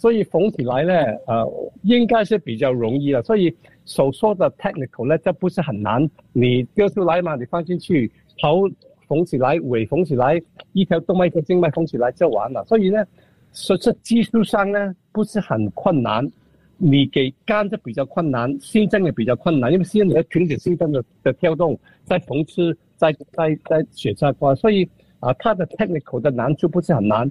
所以縫起來呢，呃，應該是比較容易的。所以手術的 technical 呢，這不是很難。你割出來嘛，你放進去，頭縫起來，尾縫起來，一條動脈一條靜脈縫起來就完了。所以呢，說實技術上呢，不是很困難。你給肝就比較困難，心臟也比較困難，因為心臟要停止心臟的的跳動，在縫製在在在血在掛，所以啊、呃，它的 technical 的難處不是很難。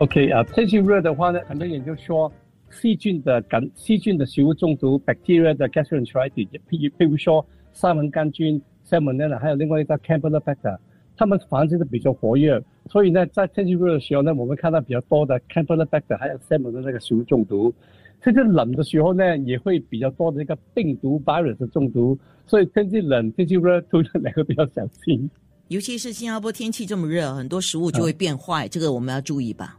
O.K. 啊、uh,，天氣熱的話呢，很多人就說細菌的感細菌的食物中毒，bacteria 的 gastroenteritis，譬如譬如說沙門杆菌、Salmonella 還有另外一個 Campylobacter，他們繁殖的比較活躍，所以呢，在天氣熱的時候呢，我們看到比較多的 Campylobacter，還有 Salmonella 的食物中毒。甚至冷的時候呢，也會比較多的一個病毒 virus 的中毒，所以天氣冷、天氣熱都要兩個比較小心。尤其是新加坡天氣這麼熱，很多食物就會變壞、嗯，這個我們要注意吧。